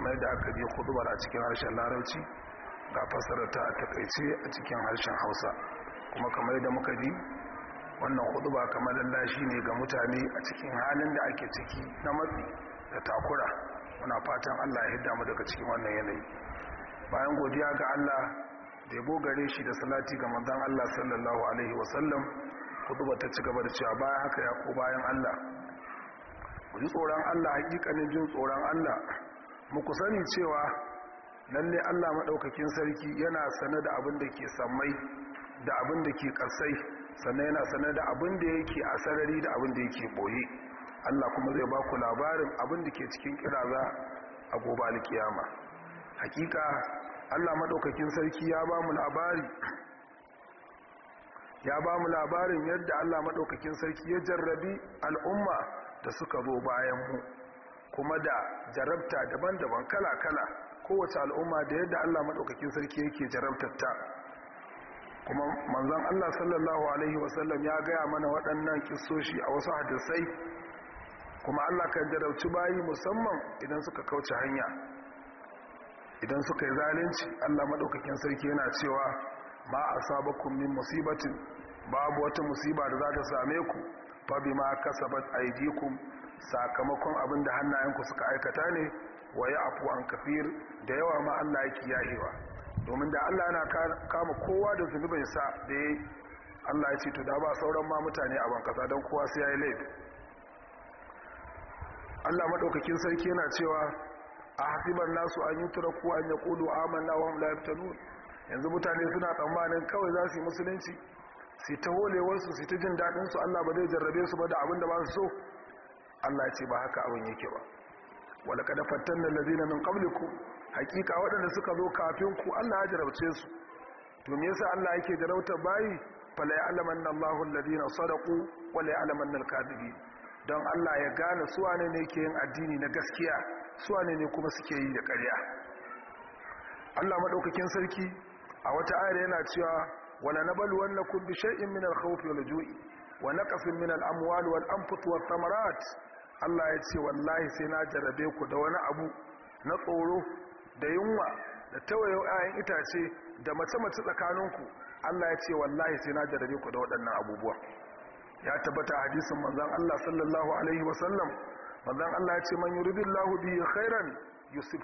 kamar da aka biya kudubar a cikin harshen larabci ga fasara ta takaice a cikin harshen hausa kuma kamar da muka bi wannan kudubar kamar lallashi ne ga mutane a cikin halin da ake ciki na matsi da takura muna fatan allah ya hidda mu daga cikin wannan yanayi bayan godiya ga allah da ya gare shi da salati ga manzan allah sallallahu alaihi wasallam kudubar ta ci gaba da cewa bayan haka ya ko bayan allah ku ji tsoron allah hakikanin jin tsoron allah muku sani cewa lalle Allah maɗaukakin sarki yana sane da abin da ke samai da abin da ke ƙasai sannan yana sane da abin da yake a sarari da abin da yake boye Allah kuma zai ba ku labarin abin da ke cikin kiraza a gobe alkiyama hakika Allah maɗaukakin sarki ya ba mu labari ya ba mu labarin yadda Allah maɗaukakin sarki ya jarrabi al'umma da suka zo bayan mu kuma da jarabta daban-daban kala-kala kowace al'umma da yadda Allah maɗaukakin sarki yake jarabtatta kuma manzan Allah sallallahu alaihi wasallam ya gaya mana waɗannan kisoshi a wasu hadisai kuma Allah kan jarabci bayi musamman idan suka kauce hanya idan suka yi zalunci Allah maɗaukakin sarki yana cewa ma asabakum min musibatin babu wata musiba da za ta same ku fa ma kasabat ku. sakamakon abin da hannayenku suka aikata ne wa ya afu an kafir da yawa ma Allah yake yahewa domin da Allah yana kama kowa da sa da ya Allah ya ce to da ba sauran ma mutane a ban kasa don kowa sai ya yi laifi Allah madaukakin sarki yana cewa a hasiban nasu an yi ku an ya kulu amanna wa hum la yaftanun yanzu mutane suna tsammanin kawai za su yi musulunci su ta holewarsu su ta jin daɗinsu Allah ba zai jarrabe su ba da abin da ba su so Allah ya ce ba haka abin yake ba wala kada fattanna allazina min qablikum hakika waɗanda suka zo kafin ku Allah ya jarabce su to me yasa Allah yake jarauta bayi fala ya'lamanna Allahu alladhina sadaqu la ya'lamanna al-kadhibin don Allah ya gane su wane ne ke yin addini na gaskiya su wane ne kuma suke yi da ƙarya Allah madaukakin sarki a wata ayar yana cewa wala nabluwannakum bi shay'in min al-khawfi wal-ju'i wa naqsin min al-amwali wal-anfusi wath-thamarat Allah ya ce wallahi sai na jarabe ku da wani abu na tsoro da yunwa da tawayo ayan itace da mace-mace tsakaninku Allah ya ce wallahi sai na jarabe ku da waɗannan abubuwa ya tabbata hadisin manzon Allah sallallahu alaihi wasallam manzon Allah ya ce man yuridillahu bihi khairan yusuf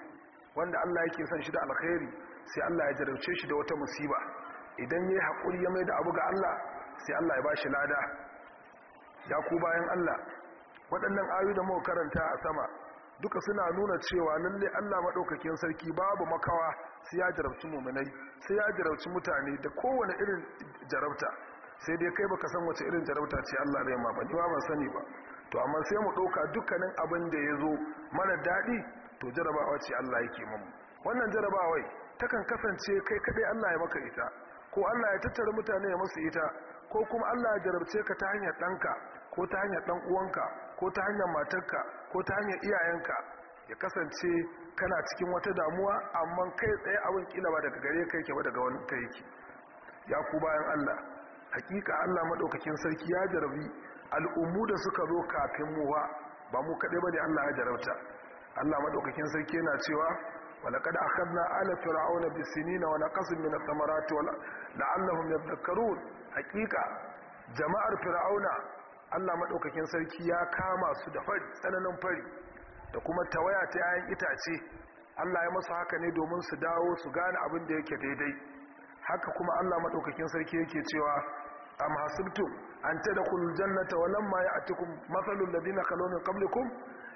wanda Allah yake son shi da alkhairi sai Allah ya jarabce shi da wata musiba idan yayi hakuri ya mai da abu ga Allah sai Allah ya ba shi lada ya ku bayan Allah waɗannan ayu da muka karanta a sama duka suna nuna cewa lalle Allah maɗaukakin sarki babu makawa sai ya jarabci muminai sai ya jarabci mutane da kowane irin jarabta sai dai kai baka san wace irin jarabta ce Allah zai ma ban ban sani ba to amma sai mu ɗauka dukkanin abin da ya zo mana daɗi to jarabawa ce Allah yake mamu wannan jarabawai takan kasance kai kaɗai Allah ya maka ita ko Allah ya tattara mutane ya masu ita ko kuma Allah ya jarabce ka ta hanyar ɗanka ko ta hanyar ɗan uwanka ko ta hanyar matarka ko ta hanyar iyayenka ya kasance kana cikin wata damuwa amma kai tsaye abin kila ba daga gare kai ke ba daga wani ta yake ya ku bayan Allah hakika Allah madaukakin sarki ya jarabi al'ummu da suka zo kafin mu ba mu kaɗai ba ne Allah ya jarabta Allah madaukakin sarki yana cewa ولقد أخذنا آل فرعون بالسنين ونقص من الثمرات لعلهم يذكرون حقيقة جماعة فرعون Allah maɗaukakin sarki ya kama su da fari tsananin fari da kuma tawaya ta yayin itace Allah ya masu haka ne domin su dawo su gane abin da yake daidai haka kuma Allah maɗaukakin sarki yake cewa am hasibtum an tadkhulul jannata wa lamma ya'tikum mathalul ladina khalu min qablikum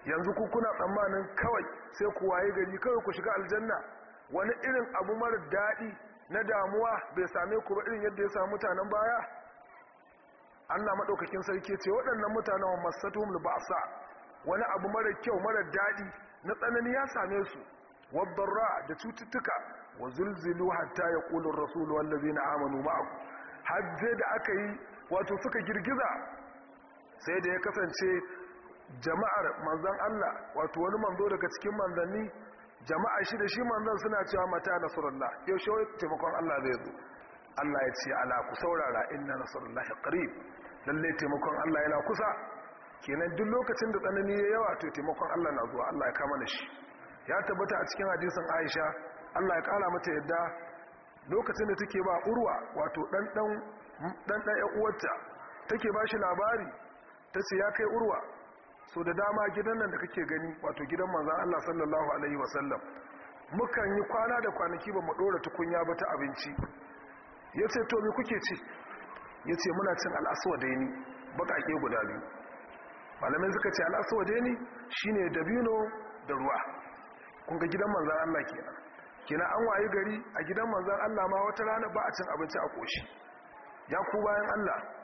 yanzu ku kuna tsammanin kawai sai ku waye gari kawai ku shiga aljanna wani irin abu mara daɗi na damuwa bai same ku ba irin yadda ya samu mutanen baya Allah maɗaukakin sarki ce waɗannan mutanen wa masatuhum wani abu mara kyau mara daɗi na tsanani ya same su ra'a da cututtuka wa zulzilu hatta yaqulu ar-rasul wallazina amanu ma'ahu har da aka yi wato suka girgiza sai da ya kasance jama'ar manzan Allah wato wani manzo daga cikin manzanni jama'a shi da shi manzan suna cewa mata nasarullah yau shi taimakon Allah zai zo Allah ya ce ala ku saurara inna nasarullah qarib lalle taimakon Allah yana kusa kenan duk lokacin da tsanani ya yawa to taimakon Allah na zuwa Allah ya kama da shi ya tabbata a cikin hadisin Aisha Allah ya kara mata yadda lokacin da take ba urwa wato dan dan dan uwarta take ba shi labari ta ce ya kai urwa so da dama gidan nan da kake gani wato gidan manzan Allah sallallahu alaihi wasallam mukan yi kwana da kwanaki ba mu ɗora tukunya ba ta abinci ya ce to me kuke ci ya ce muna cin al'aswadai ne ke guda biyu malamai suka ce Shi ne shine dabino da ruwa kun ga gidan manzan Allah kenan kenan an wayi gari a gidan manzan Allah ma wata rana ba a cin abinci a ƙoshi. ya ku bayan Allah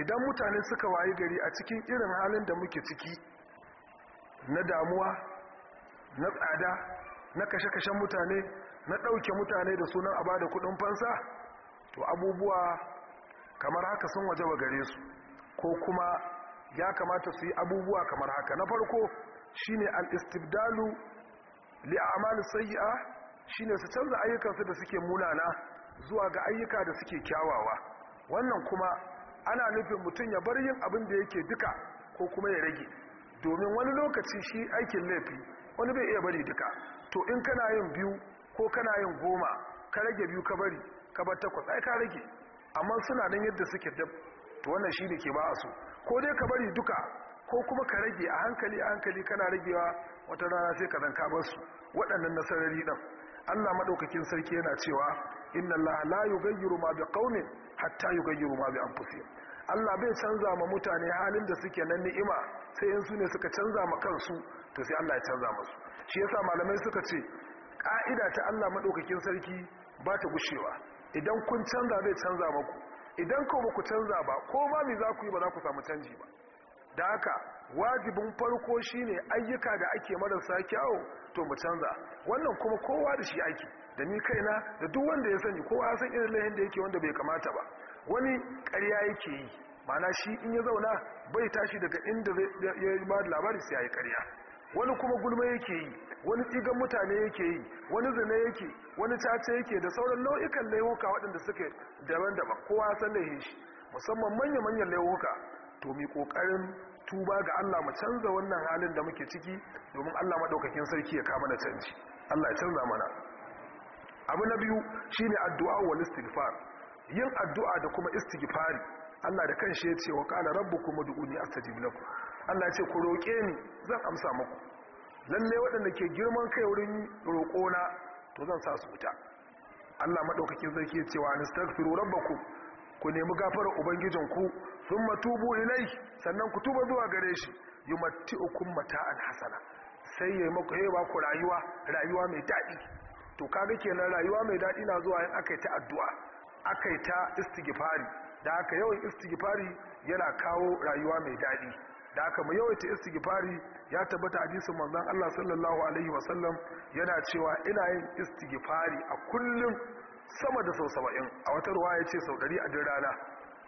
idan mutane suka wayi gari a cikin irin halin da muke ciki na damuwa na tsada na kashe-kashen mutane na ɗauke mutane da sunan a bada kudin fansa to abubuwa kamar haka sun waje wa gare su ko kuma ya kamata su yi abubuwa kamar haka na farko shine al-istibdalu li a'mal sayyi'a shine su canza ayyukansu da suke munana zuwa ga ayyuka da suke kyawawa wannan kuma ana nufin mutum ya bar yin abin da yake duka ko kuma ya rage domin wani lokaci shi aikin laifi wani bai iya bari duka to in kana yin biyu ko kana yin goma ka rage biyu ka bari ka bar takwas ai ka rage amma suna nan yadda suke dab to wannan shi ne ke ba a so ko dai ka bari duka ko kuma ka rage a hankali a hankali kana ragewa wata rana sai ka zanka bar su waɗannan nasarari ɗan allah maɗaukakin sarki yana cewa inna allaha la yugayyiru ma biqaumin hatta yugayyiru ma bi anfusihim Allah bai canza ma mutane halin da suke nan ni'ima sai in su ne suka canza ma kansu to sai Allah ya canza musu shi yasa malamai suka ce ka'ida ta Allah madaukakin sarki ba ta gushewa idan kun canza zai canza maku idan ko ku canza ba ko ba mi za ku yi ba za ku samu canji ba da haka wajibin farko shine ayyuka da ake marasa kyau, to mu canza wannan kuma kowa da shi ake da ni kaina da duk wanda ya sani kowa san irin lahin da yake wanda bai kamata ba wani ƙarya yake yi mana shi in ya zauna bai tashi daga inda ya yi ba labari sai ya yi ƙarya wani kuma gulma yake yi wani tsigan mutane yake yi wani zina yake wani cace yake da sauran nau'ikan laihuka waɗanda suke daban-daban kowa san laihin shi musamman manya-manyan laihuka to mi ƙoƙarin tuba ga Allah mu canza wannan halin da muke ciki domin Allah madaukakin sarki ya kama da canji Allah ya canza mana abu na biyu shi ne addu'a wa istighfar yin addu'a da kuma istigifari Allah da kanshi ya ce wa qala rabbukum ud'uni a lakum Allah ya ce ku roƙe ni zan amsa maku lalle waɗanda ke girman kai wurin roƙona to zan sa su wuta Allah maɗaukakin zarki ya ce wa astaghfiru rabu ku nemi gafarar ubangijinku sun matubu ilai sannan ku tuba zuwa gare shi yi mata'an hasana sai yayi maku rayuwa rayuwa mai daɗi to kaga kenan rayuwa mai daɗi na zuwa in akai ta addu'a akai ta istighfari da haka yawan istighfari yana kawo rayuwa mai daɗi da haka mai yawaita istighfari ya tabbata hadisin manzon Allah sallallahu alaihi wasallam yana cewa ina yin istighfari a kullum sama da sau 70 a wata ruwa ya ce sau 100 a din rana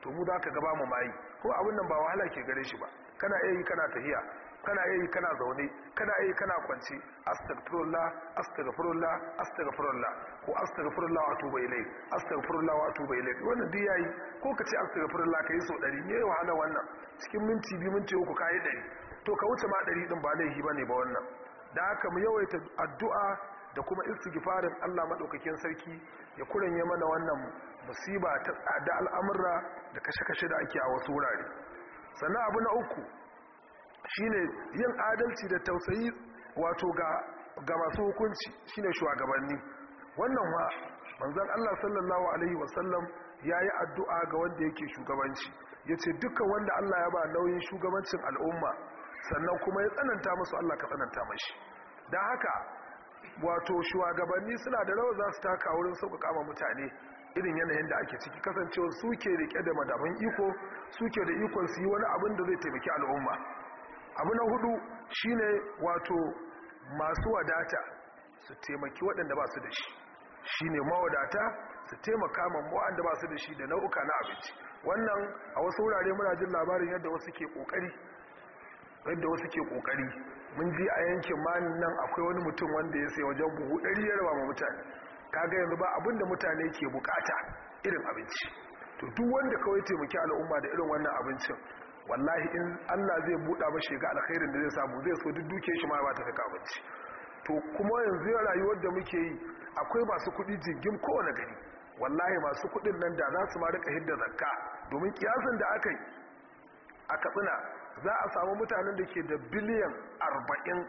to mu za ka gaba mu mayi ko abin nan ba wahala ke gare shi ba kana iya yi kana tahiya kana yi kana zaune kana yi kana kwance astaghfirullah astaghfirullah astaghfirullah ko astaghfirullah wa tuba ilayk astaghfirullah wa tuba ilayk wannan duk yayi ko ka ce astaghfirullah kai so 100 wa wahala wannan cikin minti biyu minti uku kai 100 to ka wuce ma 100 din ba laifi bane ba wannan da haka mu yawaita addu'a da kuma istighfarin Allah madaukakin sarki ya kuranye mana wannan musiba ta da al'amura da kashe-kashe da ake a wasu wurare sannan abu na uku shine yin adalci da tausayi wato ga masu hukunci shine shugabanni wannan wa manzon Allah sallallahu alaihi wasallam yi addu'a ga wanda yake shugabanci ya ce dukkan wanda Allah ya ba nauyin shugabancin al'umma sannan kuma ya tsananta masu Allah ka tsananta mashi dan haka wato shugabanni suna da rawa za su taka wurin sauƙaƙa mutane irin yanayin da ake ciki kasancewa suke rike da madaban iko suke da ikon su yi wani abin da zai taimaki al'umma abu na hudu shine wato masu wadata su taimaki waɗanda ba su da shi shine mawadata su taimaka ma waɗanda ba su da shi da nau'uka na abinci wannan a wasu wurare muna jin labarin yadda wasu ke kokari yadda wasu ke kokari mun ji a yankin mani nan akwai wani mutum wanda ya sai wajen buhu ɗari ya raba ma mutane kaga yanzu ba abin da mutane ke bukata irin abinci to duk wanda kawai taimaki al'umma da irin wannan abincin wallahi in Allah zai buɗa ba shiga alkhairin da zai samu zai so duk duke shi ma ba ta fi to kuma yanzu ya rayuwar da muke yi akwai masu kuɗi jirgin kowane gari wallahi masu kuɗin nan da za su ma rika hidda zakka domin kiyasin da aka yi a katsina za a samu mutanen da ke da biliyan arba'in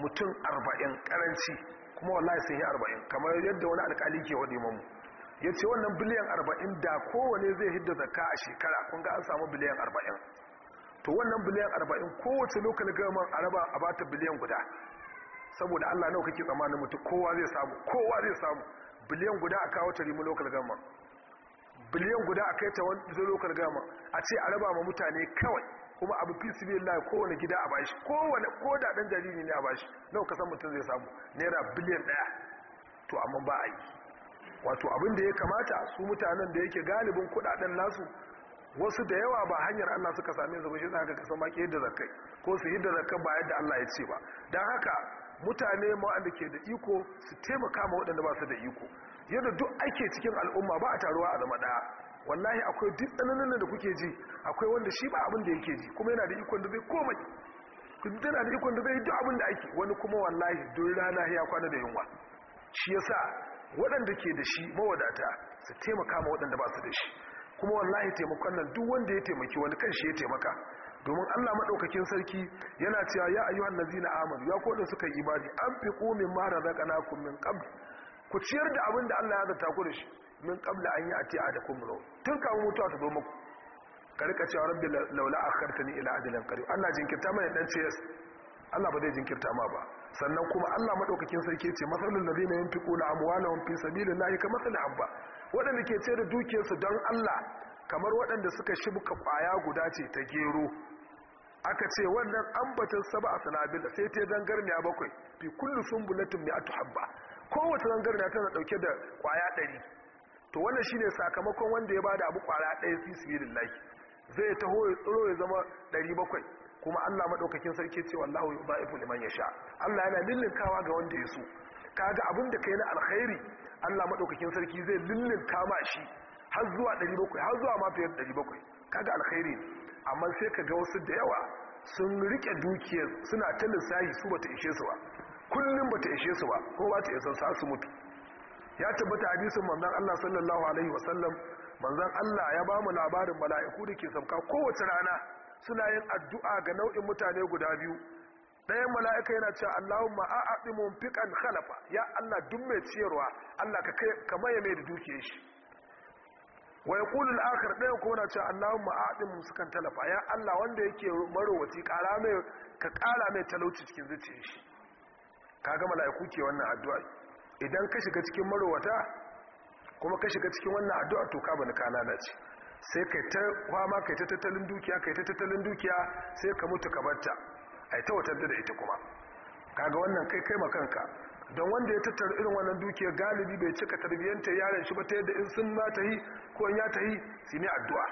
mutum arba'in karanci kuma wallahi sun yi arba'in kamar yadda wani alkali ke waɗe mamu ya ce wannan biliyan arba'in da kowane zai hidda zaka a shekara kun ga an samu biliyan arba'in to wannan biliyan arba'in kowace lokal gaman araba a bata biliyan guda saboda allah nau kake tsammanin mutu kowa zai samu kowa zai samu biliyan guda a kawo tarimu lokal gaman biliyan guda a kai ta wani lokal gaman a ce a raba ma mutane kawai kuma abu fi su biyan kowane gida a bashi kowane ko da dan jariri ne a bashi nau kasan mutum zai samu naira biliyan daya to amma ba a yi wato abin da ya kamata su mutanen da yake galibin kudaden nasu wasu da yawa ba hanyar Allah suka same su ba shi zaka kasan baki yadda zakai ko su yadda zakai ba yadda Allah ya ce ba dan haka mutane wanda ke da iko su taimaka ma waɗanda ba su da iko yadda duk ake cikin al'umma ba a taruwa a zama daya wallahi akwai duk tsananin da kuke ji akwai wanda shi ba abin da yake ji kuma yana da ikon da zai komai kuma yana da ikon da zai duk abin da ake wani kuma wallahi don rana ya kwana da yunwa shi yasa waɗanda ke da shi mawadata su taimaka ma waɗanda ba su da shi kuma wallahi taimakon nan duk wanda ya taimaki wani kan shi ya taimaka domin Allah maɗaukakin sarki yana cewa ya ayyuhan zina amur ya kodin suka yi imani an fi mara ma naku min qabl ku ciyar da abin da Allah ya zata ku da shi min qabla an yi a da da rau tun kawo mutuwa ta zo muku ka cewa rabbi laula a ila ajalin qarib Allah jinkirta mai ce Allah ba zai jinkirta ma ba sannan kuma Allah madaukakin sarki ce masalul ladina yunfiquna amwalahum fi sabilillahi kamathali habba wadanda ke ce da dukiyarsu don Allah kamar waɗanda suka shibka kwaya guda ce ta gero aka ce wannan ambatin sab'a sanabil sai ta dangarniya bakwai fi kullu mai mi'atu habba kowace dangarniya tana dauke da kwaya ɗari. to wannan shine sakamakon wanda ya bada abu kwara ɗaya fi sabilillahi zai taho ya tsiro ya zama 700 kuma Allah maɗaukakin sarki ce wallahu yudaifu liman sha, Allah yana lillinkawa ga wanda ya so kaga abin da kai na alkhairi Allah maɗaukakin sarki zai lillinka ma shi har zuwa 700 har zuwa ma fiye da 700 kaga alkhairi amma sai kaga wasu da yawa sun rike dukiyar suna ta lissahi su bata ishe su ba kullum bata ishe su ba ko ba ta isa sa su mutu ya tabbata hadisin manzon Allah sallallahu alaihi wasallam manzon Allah ya ba mu labarin mala'iku da ke sauka kowace rana suna yin addu'a ga nau'in mutane guda biyu ɗayan mala'ika yana cewa Allahumma a'adi munfiqan khalafa ya Allah duk mai ciyarwa Allah ka ya mai da dukiyar shi wa yaqulu al-akhar ɗayan kuma yana cewa Allahumma a'adi mumsikan talafa ya Allah wanda yake marowaci ƙara mai ka ƙara mai talauci cikin zuciyar shi kaga mala'iku ke wannan addu'a idan ka shiga cikin marowata kuma ka shiga cikin wannan addu'a to ka bani kana ce sai kai ta kwama kai ta tattalin dukiya kai ta tattalin dukiya sai ka mutu ka barta ai ta watar da ita kuma kaga wannan kai kai makanka don wanda ya tattara irin wannan dukiya galibi bai cika tarbiyyanta yaran shi ba ta yadda in sun ma ta yi ko in ya ta yi su ne addu'a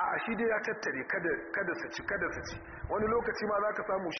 a'a shi dai ya tattare kada kada kada su ci wani lokaci ma za ka samu